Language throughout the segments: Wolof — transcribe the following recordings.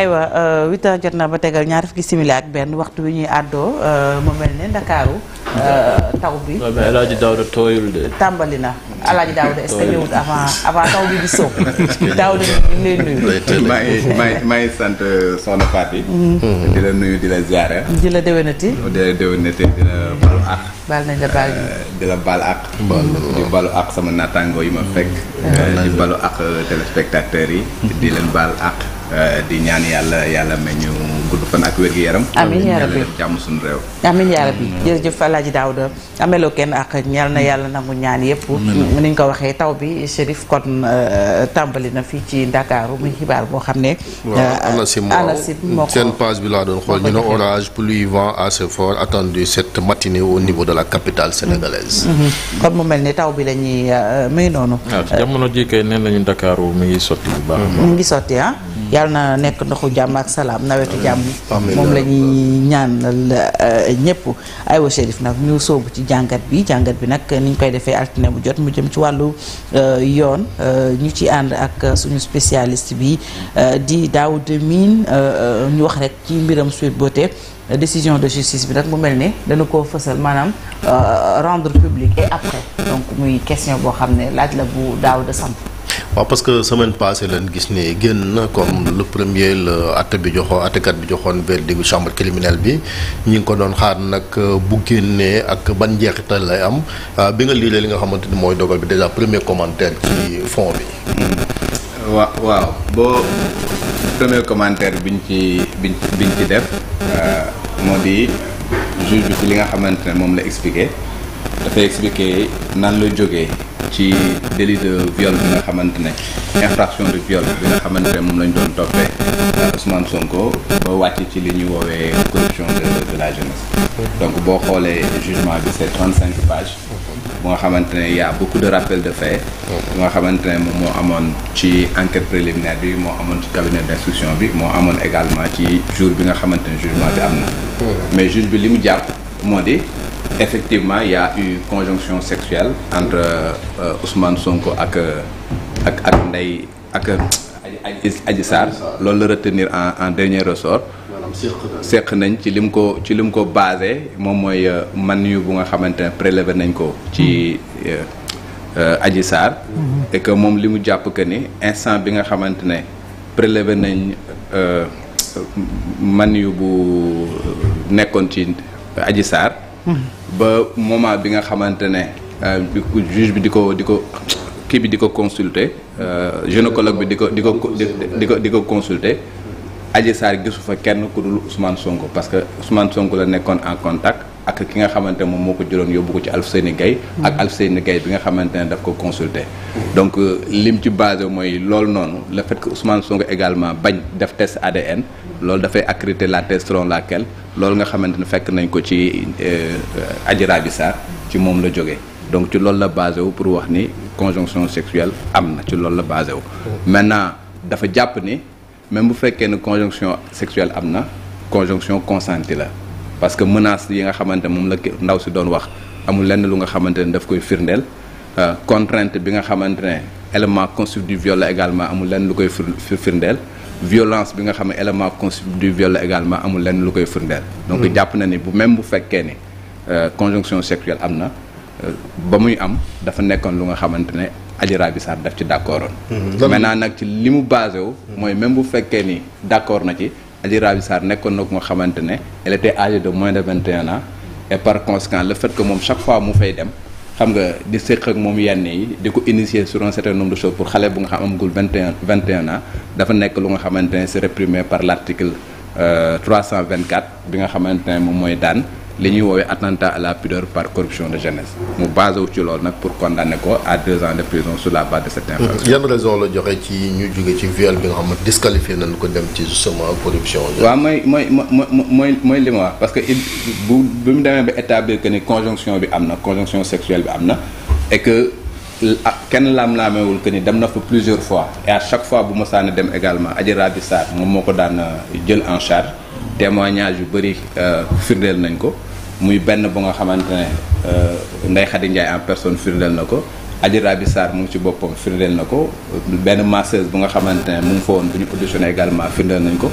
aywa 8h euh, jot na ba tegal ñaar fukki simili ak benn waxtu wi ñuy àddoo euh, mu mel ni Ndakaaru euh, taw bi. waaw tàmbali na El Hadj Daouda est-ce que ñëwut avant taw bi di sóob. Daouda ñu ngi nuyu. Mm-hmm. di la nuyu di la ziare. di la déwénati. di la déwénati di la balu àq. balu àq sama naataangoo yi ma fekk. di balu àq téléspectateurs yi. di leen baal àq. Eh, di ñaan yàlla yàlla ma ñu gudd fan ak wér gu yaram. amiin yaa rabbi jàmm suñu réew. amiin yaa rabbi jërëjëf El Hadj Daouda ameloo kenn ak ñal na mm. yàlla nangu ñaan yëpp. ni ñu ko waxee taw bi Chérif kon euh, tàmbali na fii ci Ndakaaru muy xibaar boo xam ne. Euh, ANACIM moo ko seen page bi laa doon xool ñu ne orage pluie vent assez fort attendu cette matinée niveau de la capitale sénégalaise. Mm. Mm-hmm. kon mu mel ni taw bi la ñuy euh, may noonu. Ah, jamono jii kay nee nañu Ndakaaru mi sotti yàlla na nekk ndoxu jàmm ak salaam nawetu jàmm moom la ñuy ñaanal euh, ñëpp aywa nag ñu soobu ci jàngat bi jàngat bi nag ni ñu koy defee altine bu jot mu jëm ci wàllu euh, yoon euh, ñu ci ànd ak suñu spécialiste bi di Daouda Mine ñu wax rek ci mbiram Sweet Beauté décision de justice bi nag mu mel ne dañu koo fësal maanaam euh, rendre public et après donc muy question boo xam ne laaj la bu daaw de samp waaw parce que semaine passée lañ gis ni génn na comme le premier la atte bi joxoon attekat bi joxoon verdict bu chambre criminelle bi ñu ngi ko doon xaar nag euh, bu génnee ak ban njeexital lay am euh, bi nga liiree li nga xamante ni mooy dogal bi déjà premier commentaire ci fond bi. waaw waaw boo premier commentaire biñ ci bi biñ ci def. moo di juge bi ci li nga xamante ne moom la expliqué dafay expliqué nan la jóge ci délit de viol bi nga xamante ne infraction de viol bi nga xamante ne moom lañ doon toppee Ousmane Sonko ba wàcc ci li ñuy woowee corruption de de la jeunesse donc boo xoolee jugement bi c'est cinq pages bu nga xamante ne a beaucoup de rappel de fait. bu nga xamante ne moom moo amoon ci enquête préliminaire bi moo amoon ci cabinet d' bi moo amoon également ci jour bi nga xamante ne jugement bi am na. Hmm. mais juge bi li mu jàpp moo di effectivement y' a eu conjonction sexuelle entre euh, Ousmane Sonko ak euh, ak ak Ndeye ak. Euh, Adji Sarr loolu la retenir en en dernier ressort. seq nañ ci lim ko ci lim ko basé moom mooy euh, man yu bu nga xamante ne prélevé nañ ko ci mm-hmm. euh, euh, aji Sarr mm-hmm. et que moom li mu jàpp que ni instant bi nga xamante ne prélevé nañ man yu bu nekkoon ci aji Sarr mm-hmm. ba moment bi nga xamante ne juge bi di ko di ko kii bi di ko consulter gynécologue bi di ko di ko di ko di ko consulter Adji Sarr gisu fa kenn ku dul Ousmane Sonko parce que Ousmane Sonko la nekkoon en contact ak ki nga xamante moom moo ko jëloon yóbbu ko ci al Alfousseyni Gaye ak Alfousseyni Gaye bi nga xamante ne daf ko consulter. donc euh, lim ci basé mooy loolu noonu le fait que Ousmane Sonko également bañ def test ADN loolu dafay accréditer la thèse selon laquelle loolu nga xamante ne fekk nañ ko ci euh, Adji Raby Sarr ci moom la jóge donc ci loolu la basé wu pour wax ni conjonction sexuelle am na ci loolu la basé wu maintenant dafa jàpp ni même bu fekkee ne conjonction sexuelle am na conjonction consentie la parce que menace yi nga xamante moom la ndaw si doon wax amul lenn lu nga xamante ne daf koy firndeel euh, contrainte bi nga xamante ne élément constitutif du viol la également amul lenn lu koy firndeel violence bi nga xam ne élément constitutif du viol la également amul lenn lu koy firndeel donc hmm. jàpp na ni bu même bu fekkee ni euh, conjonction sexuelle am na euh, ba muy am dafa nekkoon lu nga xamante ne Adji Raby Sarr ci d' accord oon mhm. maintenant nag ci li mu basé wu mooy même bu fekkee ni d' na ci Adji Raby Sarr nekkoon na ko nga xamante ne elle était âgée de moins de vingt et un ans et par conséquent le fait ko moom chaque fois mu fay dem xam nga di séq ak moom yenn yi di ko initier sur un certain nombre de choses pour xale bu nga xam amagul vingt et un vingt et un ans dafa nekk lu nga xamante ne c'est réprimé par l' article 324 bi nga xamante ne moom mooy daan li ñuy woowe attentat à la par corruption de jeunesse mu basé wu ci loolu nag pour condamner ko à deux ans de prison sur la base de cette infraction. raison la joxe ci ñu jóge ci viol bi nga xam ne disqualifié nañ ko dem ci justement corruption. waaw mooy mooy mooy mooy li ma parce que il bu bi mu demee ba établir que ni conjonction bi am na conjonction sexuelle bi am na et que. Ah, kenn laam-laamewul que ni dem na fa plusieurs fois et chaque fois bu ma saan dem également Adji Raby Sarr moom moo ko daan euh, jël en charge témoignage yu bëri euh, firndeel nañ ko muy benn bu nga xamante ne euh, Ndeye Khady Ndiaye en personne firndeel na ko Adji Raby Sarr mu ngi ci boppam firndeel na ko benn masseuse bu nga xamante ne mu ngi fa woon bu ñu auditionné également firndeel nañ ko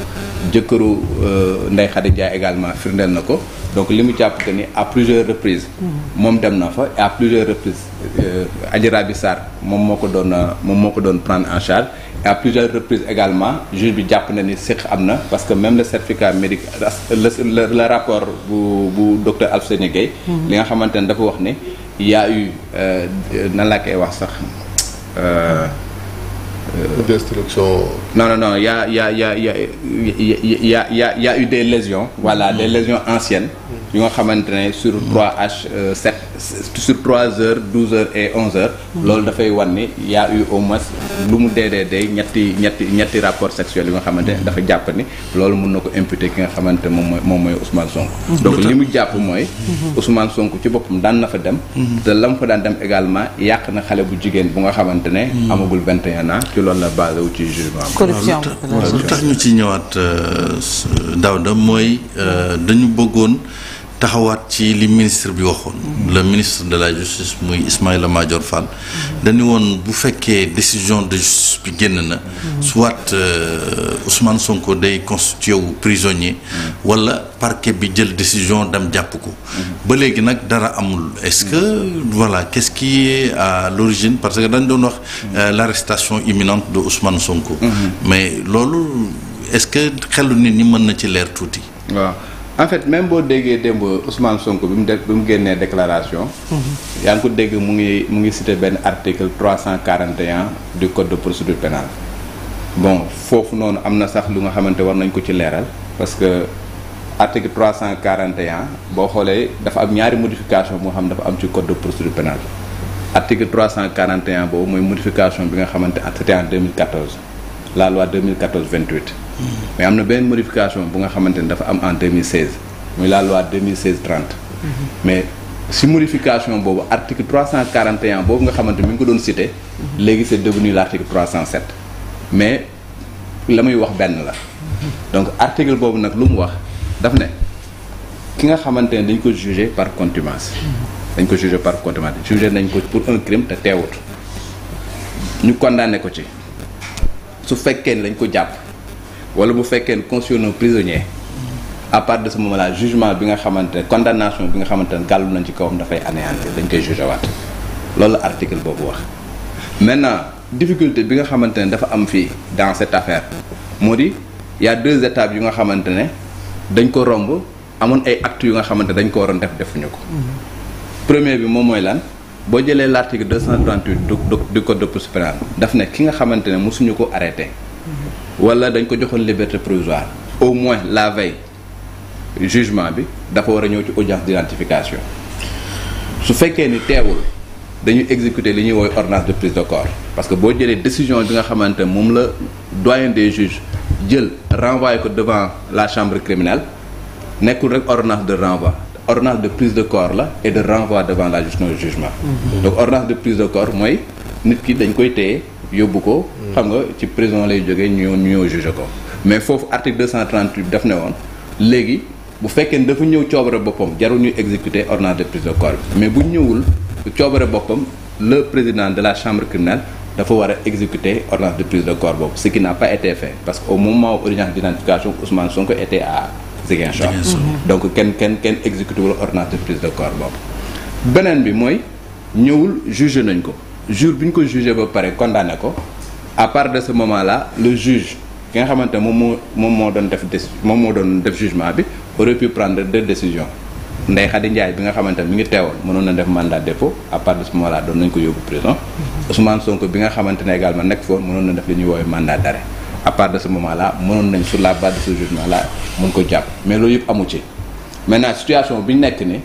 jëkkëru euh, Ndeye Khady Ndiaye également firndeel na ko donc li mu jàpp que ni à plusieurs reprises mm-hmm. moom dem na fa à plusieurs reprises Adji Raby moom moo ko doon moom moo ko doon prendre en charge à plusieurs reprises également juge bi jàpp na ni séq am na parce que même le certificat médical le le rapport bu bu docteur Alfousseyni Gaye mhm. li nga xamante ne dafa wax ne y a na euh, nan laa koy wax sax. Euh, euh, destruction. non non non y' a y' a y' a y' a y' a y' a eu des lésions. voilà mm-hmm. des lésions anciennes. Mm-hmm. yu nga xamante ne sur 3H mm-hmm. 7 euh, sur 3 heures 12 heures et 11 heures. loolu dafay wan ni y' a eu au moins lu mu dee dee dee ñetti ñetti ñetti rapport sexuel yu nga xamante ne dafa jàpp ni loolu mun na ko imputer ki nga xamante ne moom mooy moom mooy Ousmane Sonko. donc li mu jàpp mooy. Ousmane Sonko ci boppam daan na fa dem. te la mu fa daan dem également yàq na xale bu jigéen bu nga xamante ne. amagul 21 ans ci loolu la basé wu ci jugement solution lu tax ñu ci ñëwaat euh, Daouda mooy euh, dañu bëggoon taxawaat ci li ministre bi waxoon. le ministre de la justice muy Ismaïla Madior Fall. dañu woon bu fekkee décision de justice bi génn na. soit euh, Ousmane Sonko day constitué wu prisonnier. wala parquet bi jël décision dem jàpp ko. ba léegi nag dara amul est-ce voilà qu'est-ce qui est à l'origine parce que dañ doon wax. Euh, l'arrestation imminente de Ousmane Sonko. Mm-hmm. mais loolu est-ce que xelu nit ñi mën na ci leer tuuti. waaw. en fait même boo déggee démb Ousmane Sonko bi mu def bi mu génnee déclaration. Mhm. yaa ngi ko dégg mu ngi mu ngi cité benn article trois cent quarante et un du code de procédure pénale bon foofu noonu am na sax lu nga xamante war nañ ko ci leeral parce que article trois cent quarante et boo xoolee dafa am ñaari modification moo xam dafa am ci code de procédure pénale article 341 boobu mooy modification bi nga xamante c'était en 2014 la loi 2014 28 mais am na benn modification bu nga xamante ni dafa am en 2016 muy la loi 2016 30. Mhm. mais si modification boobu article 341 boobu nga xamante mi ngi ko doon cité. Mhm. léegi c'est devenu l'article 307 mais la muy wax benn la. Mhm. donc article boobu nag lu mu wax daf ne ki nga xamante ne dañ ko jugé par contumace. dañ ko jugé par contumace jugé nañ ko pour un crime te teewut ñu condamné ko ci su fekkee ni dañ ko jàpp. wala bu fekkee ne constitué na prisonnier à partir de ce moment là jugement bi nga xamante ne condamnation bi nga xamante ne gàllu nañ ci kawam dafay anéantir dañ koy jugé waat loolu la article boobu wax. maintenant difficulté bi nga xamante ne dafa am fii dans cette affaire moo di y a deux étapes yu nga xamante ne dañ ko romb amoon ay act yu nga xamante dañ ko waroon def defuñu ko. premier bi moom mooy lan. boo jëlee l' article 238 du du du code de procédure pénale daf ne ki nga xamante ne mosuñu ko arrêté wala dañ ko joxoon liberté provisoire au moins la veille jugement bi dafa war a ñëw ci audience d'identification su fekkee ni teewul dañuy exécuter li ñuy woy ordonnance de prise de corps parce que boo jëlee décision bi nga xamante moom la doyen de juges jël renvoyé ko devant la chambre criminelle nekkul rek ordonnance de renvoi ordonnance de prise de corps la et de renvoi devant la juridiction de jugement. Mm-hmm. donc ordonnance de prise de corps mooy nit ki dañ koy téye yóbbu ko. xam nga ci prison lay jógee ñu ñoo jugé ko mais foofu article 238 daf ne woon léegi bu fekkee ne dafa ñëw coobare boppam jarul ñu exécuter ordonnance de prise de corps bi mais bu ñëwul coobare boppam le président de la chambre criminelle dafa war a exécuter ordonnance de prise de corps boobu ce qui n'a parce que au moment où urgence d'identification Ousmane Sonko mm-hmm. kenn kenn kenn exécuté wul ordonnance de prise de corps boobu beneen bi mooy ñëwul jugé nañ ko jour bi ñu ko jugé ba pare condamné ko à part de ce moment là le juge ki nga xamante moom moo moom moo doon def déci moom moo doon def jugement bi aurait pu prendre deux décisions Ndeye Khady Ndiaye bi nga xamante ne mi ngi teewoon mënoon na def mandat dépôt à part de ce moment là doon nañ ko yóbbu prison mm-hmm. Ousmane Sonko bi nga xamante ne également nekk foon mënoon na def li ñuy woowee mandat d'arrêt à part de ce moment là mënoon nañ sur la base de ce jugement là mun ko jàpp mais loolu yëpp amu ci maintenant situation bi ñu nekk nii.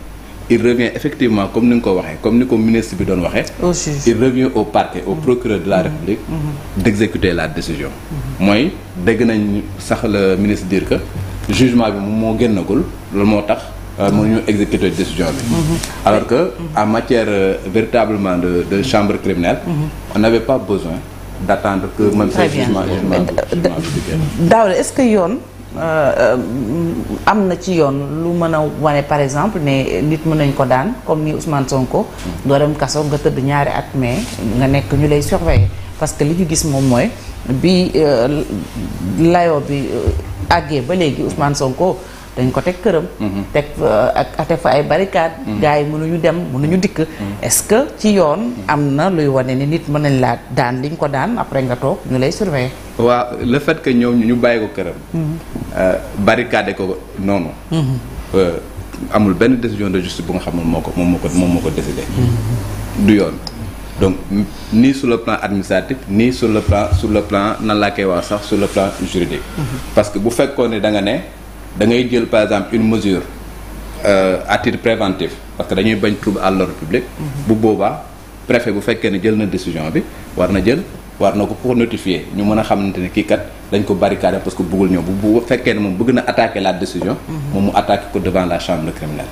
il revient effectivement comme ni nga ko waxee comme ni ko ministre bi doon waxee il revient au parquet au procureur de la mm-hmm. république mm-hmm. d'exécuter la décision mm-hmm. mooy dégg nañ sax le ministre dire que jugement bi moo génnagul loolu moo tax euh, mënuñu exécuter décision bi alors que en matière euh, véritablement de de chambre criminelle on n'avait pas besoin d'attendre que même ce jugement jugement bi di génn est-ce yoon Euh, euh, am na ci yoon lu mën a wane par exemple ne nit mën nañ ko daan comme ni Ousmane Sonko. Mm. doo dem kaso nga tëdd ñaari at mais nga nekk ñu lay surveiller parce que li ñu gis moom mooy bi euh, layo bi àggee ba léegi Ousmane Sonko dañ ko teg këram. Mm-hmm. teg ak ate fa ay barricade mm-hmm. gars yi mënuñu dem mënuñu dikk. Mm-hmm. est-ce que ci yoon. am na luy wane ne nit mën nañ laa daan liñ ko daan après nga toog ñu lay surveiller. waa le fait que ñëw ñu bàyyi ko këram. Mhm. Euh, barricade ko noonu. Mhm. Euh, amul benn décision de justice bu nga xam ne moo ko moom moo ko moom moo ko décidé. Mhm. du yoon donc ni sur le plan administratif ni sur le plan sur le plan nan laa koy wax sax sur le plan juridique. parce que bu fekkoon ne da ne da ngay jël par exemple une mesure euh, à titre préventif parce que dañuy bañ trouble à l'ordre bu boobaa préfet bu fekkee ne jël na décision bi war na jël. war na ko ko notifier ñu mën a xamante ne kii kat dañ ko barricade parce que bëggul ñëw bu fekkee ne moom bëgg na attaquer la décision mhm. moom mu attaquer ko devant la chambre criminelle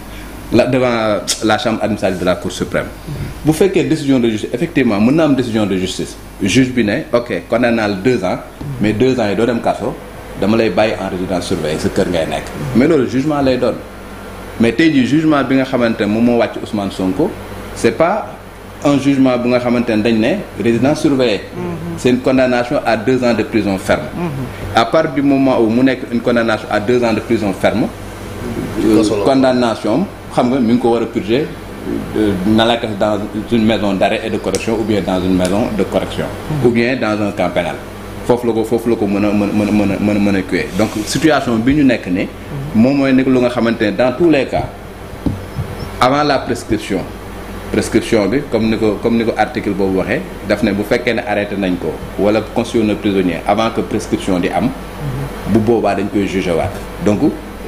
la devant la chambre administrative de la cour suprême mhm. bu fekkee décision de justice effectivement mën na am décision de justice juge bi ne ok condamné naa la deux ans mhm. mais deux ans yi doo dem kaso dama lay bàyyi en résidence surveillée sa kër mais loolu jugement lay doon mais bi nga xamante ne moom moo wàcc Ousmane Sonko c'est pas un jugement bu nga xamante ne dañ ne résidence surveillée mhm. c'est une condamnation à deux ans de prison ferme mhm. à part du moment où mu nekk une condamnation à deux ans de prison ferme euh, condamnation xam nga mi ngi ko war a purger euh, na la def dans une maison d'arrêt et de correction ou bien dans une maison de correction mhm. ou bien dans un camp pénal foofu la ko foofu la ko mën a mën mën mën a mën a mën a kuyee donc situation bi ñu nekk ni moom mooy nekk lu nga xamante ne dans tous les cas avant la prescription prescription bi comme ni ko comme ni ko boobu waxee daf ne bu fekkee ne arrêté nañ ko wala constitué na prisonnier avant que prescription di am bu boobaa dañ koy jugé waat donc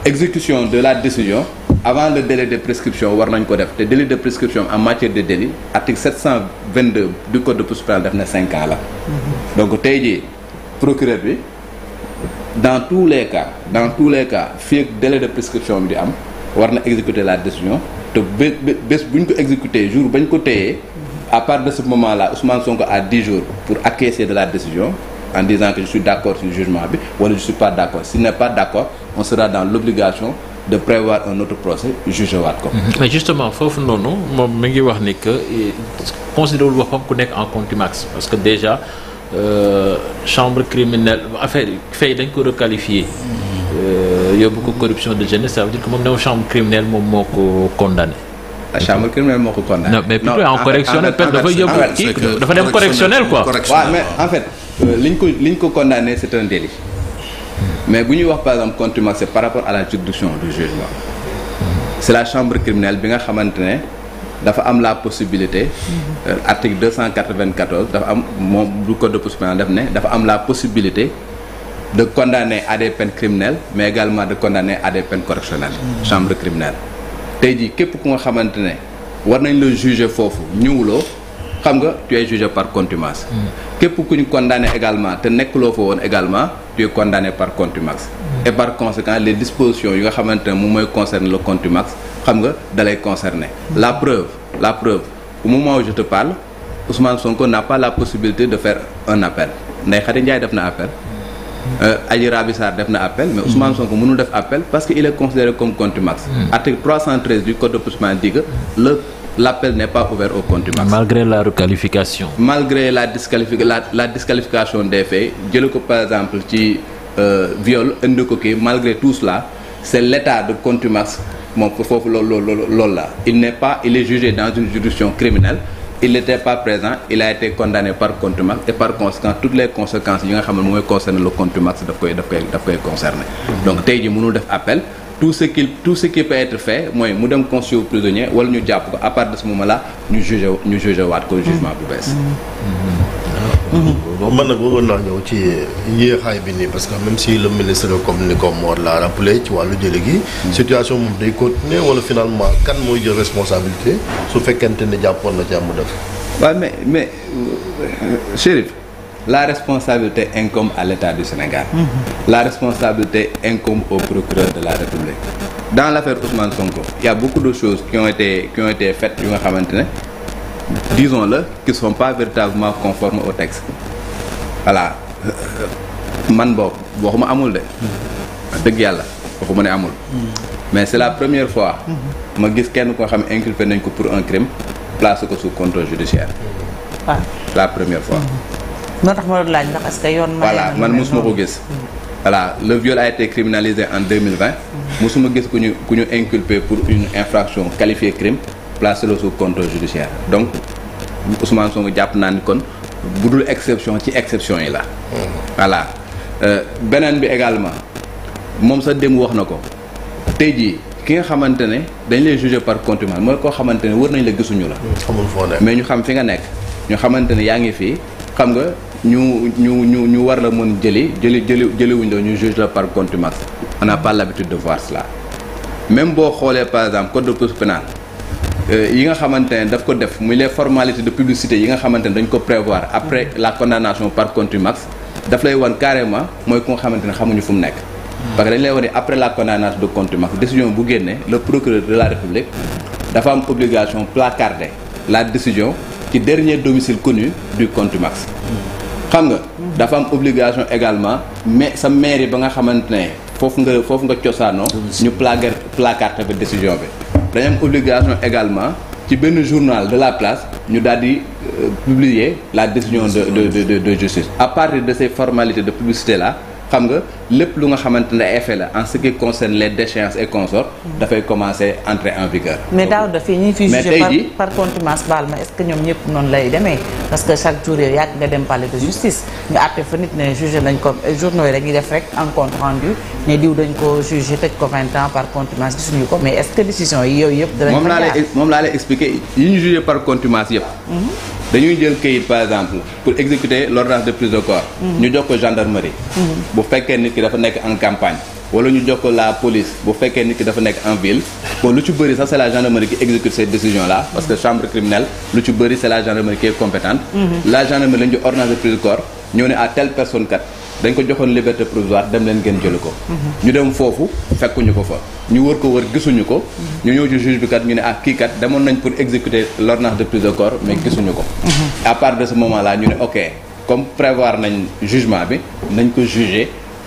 exécution de la décision avant le délai de prescription war nañ ko def te délai de prescription en matière de délit article 722 du code de procédure pénale def na 5 ans la donc tey jii procureur bi dans tous les cas dans tous les cas fii ak de prescription bi di am war na exécuter la décision te bés bés bu ñu ko exécuté jour bañ ko téyee à part de ce moment là Ousmane Sonko a 10 jours pour acquiescer de la décision en disant que je suis d'accord sur jugement bi wala je suis pas d'accord s'il n'est pas d'accord on sera dans l'obligation de prévoir un autre procès jugé waat ko. Mhm. justement foofu noonu moom mi ngi wax ni que considéré wul waxam ku nekk en contumace parce que déjà euh, chambre criminelle affaire yi fay dañ ko requalifier. Euh, yóbbu ko corruption de jeunesse ça veut dire que moom néew chambre criminelle moom moo ko condamné. la ah, chambre criminelle moo ko condamné. non mais plutôt en correctionnel peut dafa yóbbu kii dafa dem correctionnel mais euh, ko liñ mais bu ñuy wax par exemple contumace par rapport à la juridiction du jugement c'est la chambre criminelle bi nga xamante ne dafa am la possibilité euh, article 294 dafa am moom du code de procédure pénale daf ne dafa am la possibilité de condamner à des peines criminelles mais également de condamner à des peines correctionnelles chambre criminelle tey jii képp ku nga xamante ne war nañ la juger foofu ñëwuloo xam nga tu es par contumace mm. képp ku ñu condamné également te nekkuloo fa woon également tu condamné par contumace mm. et par conséquent les dispositions yi nga xamante ne moom mooy concerne le contumace xam nga dalay concerner mm. la preuve la preuve au moment où je te parle Ousmane Sonko n'a pas la possibilité de faire un appel Ndeye Khady Ndiaye def na appel Euh, Ali Rabi Sarr def na appel mais Ousmane Sonko mënul def appel parce que il est considéré comme contumax. Hmm. article 313 du code de procédure dit que le l'appel n'est pas ouvert au contumax. malgré la requalification. malgré la disqualification la la disqualification des faits jële ko par exemple ci euh, viol indi ko kii malgré tout cela c'est l'état de contumace moom foofu loolu lool loolu la il n'est pas il est jugé dans une juridiction criminelle il n'était pas présent il a été condamné par contumace et par conséquent toutes les conséquences yi nga xam ne mooy concerné le contumace daf koy daf koy daf koy concerné donc tey ji mënul def appel tout ce qui tout ce qui peut être fait mooy mu dem constituer prisonnier wala ñu jàpp ko à partir de ce moment là ñu jugé ñu jugé waat ko jugement bu bees Mm-hmm. man nag bëggoon naa ñëw ci yéexaay bi nii parce que même si le ministre comme ni ko Mor l'a rappelé ci wàllu jële gi. Mm-hmm. situation moom day continuer wala finalement kan mooy jël responsabilité su fekkente ne jàppoon na ci am def. waaw mais mais euh, Chérif la responsabilité incombe a l'État du Sénégal. Mm-hmm. la responsabilité incombe au procureur de la République. dans l'affaire Ousmane Sonko il y a beaucoup de choses qui ont été qui ont été faites yu nga xamante disons la qui ne sont pas véritablement conformes au texte. voilà man boobu waxuma amul de. dëgg yàlla waxuma ne amul. mais c'est la première fois. ma gis kenn koo xam ne inculpé nañ ko pour un crime place ko sous contrôle judiciaire. waaw ah. la première fois. Mm-hmm. moo tax ma doon laaj ndax est-ce que yoon. voilà man mosuma ko gis. voilà le viol a été criminalisé en 2020. Mm-hmm. mosuma gis ku ñu ku ñu inculpé pour une infraction qualifiée crime. placé le sous contrôle judiciaire donc Ousmane Sonko jàpp naa ni kon bu dul exception ci exception yi la. voilà euh, beneen bi également moom sa démb wax na ko tey jii ki nga xamante ne dañ lay juger par contumace mooy koo xamante ne wër nañ la gisuñu la. Hmm, xamul foo mais ñu xam fi nga nekk ñu xamante ne yaa ngi fii xam nga ñu ñu ñu ñu war la mën jëli jëli jëli jëliwuñ la ñu juge la par contumace on n'a pas de voir la même boo xoolee par exemple code de procédure Euh, yi nga xamante ne daf ko def muy les formalité de publicité yi nga xamante ne dañ ko prévoir après la condamnation par contumace daf lay wan carrément mooy ku nga xamante ne xamuñu fu mu nekk parce que dañ lay wan ne après la condamnation de contumace décision bu génnee le procureur de la république dafa am obligation placarder la décision ci dernier domicile connu du contumace xam nga dafa am obligation également mais sa mairie ba nga xamante ne foofu nga foofu nga cosaanoo ñu placarder placarder ba décision bi dañu am obligation également ci benn journal de la place ñu daal di euh, publier la décision de de de justice à partir de ces formalités de publicité la xam nga lépp lu nga xamante ne la en ce qui concerne les déchéances et consorts dafay commencer entrer en vigueur. mais daaw da fi ñuy fi jugé par par baal ma est-ce que ñoom ñëpp noonu lay demee parce que chaque jour yow yàgg nga dem palais de justice ñu àtte fa nit ne jugé nañ ko euh, journaux yi def rek en ne diw dañ ko jugé tëj ko 20 ans par contumace ko mais est-ce que décision yi yooyu yëpp. danañ ko moom mhm. par exemple pour exécuter ki dafa nekk en campagne wala ñu jox ko la police bu fekkee nit ki dafa nekk en ville lu ci bëri sax c' est la exécute cette décision là parce que chambre criminelle lu ci bëri c' est la compétente la gendarmerie mhm. la jox de prise de corps ñëw ne à telle personne dañ ko joxoon liberté provisoire dem leen ngeen jëli ko mhm. ñu dem foofu fekkuñu ko fa ñu wër ko wër gisuñu ko mhm. ñu ñëw ci juge bi kat ñu ne ah kii kat demoon nañ pour exécuter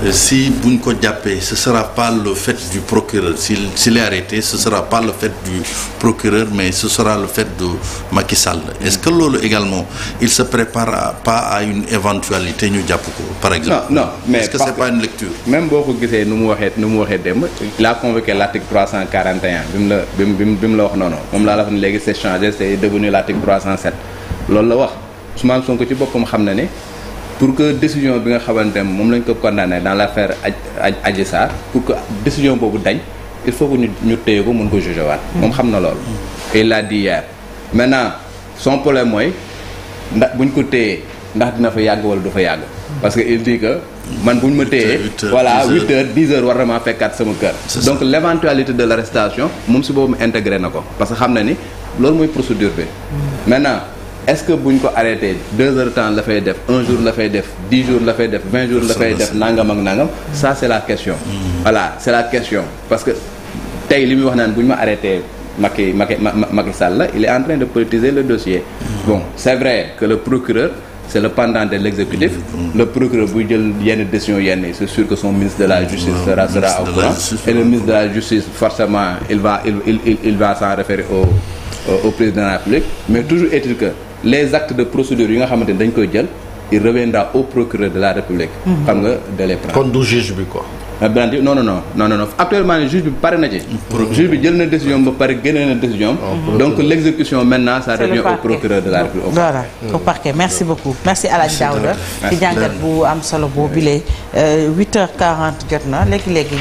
Euh, si bu buñ ko jàppee ce sera pas le fait du procureur s'il s'il est arrêté ce sera pas le fait du procureur mais ce sera le fait de Macky Sall est-ce que loolu également il se prépare pas à une éventualité ñu jàpp ko par exemple non non mais ce que c'est pas une lecture même boo ko gisee nu mu waxee nu mu waxee dem il a convoqué l'article 341 bi mu la bi mu la wax noonu moom laa la wax léegi c'est changé c'est devenu l'article 307 loolu la wax Ousmane Sonko ci boppam xam na ne pour que décision bi nga xamante moom lañ ko condamné dans l' affaire Adji Sarr pour que décision boobu dañ il faut que ñu ñu téye ko mën ko jugé waat. moom xam na loolu. et il l'a dit hier maintenant son problème mooy ndax buñ ko téyee ndax dina fa yàgg wala du fa yàgg. parce que il dit que. man bu ñu ma téyee voilà huit heures dix heures war na maa fekkaat sama kër donc leventualité éventualité de l' arrestation moom si boobu mu intégré na ko parce que xam na ni loolu mooy procédure bi hmm. est-ce que bu buñ ko arrêté deux heures temps la fay def un jour la fay def dix jours la fay def vingt jours la fay def nangam ak nangam ça c'est la question voilà c'est la question parce que tey li muy wax naan bu ñu ma arrêté Macky Macky Macky Sall il est en train de politiser le dossier bon c'est vrai que le procureur c'est le pendant de l'exécutif le procureur buy jël yenn décision yenn c'est sûr que son ministre de la justice sera sera au courant et le ministre de la justice forcément il va il mais toujours est les actes de procédure yi nga xamante ni dañ koy jël il reviendra au procureur de la République. Mm-hmm. xam nga de les prendre. kon du juge bi quoi. Ah, Brandy non non non non non actuellement juge bi pare na ci. juge bi jël na décision ba pare génne na décision oh, donc l' exécution maintenant ça revient au procureur de la République. voilà au hmm. parquet merci beaucoup. merci El Hadj Daouda ci jàngat bu am solo boobu bile 8h40 euh, jot na léegi léegi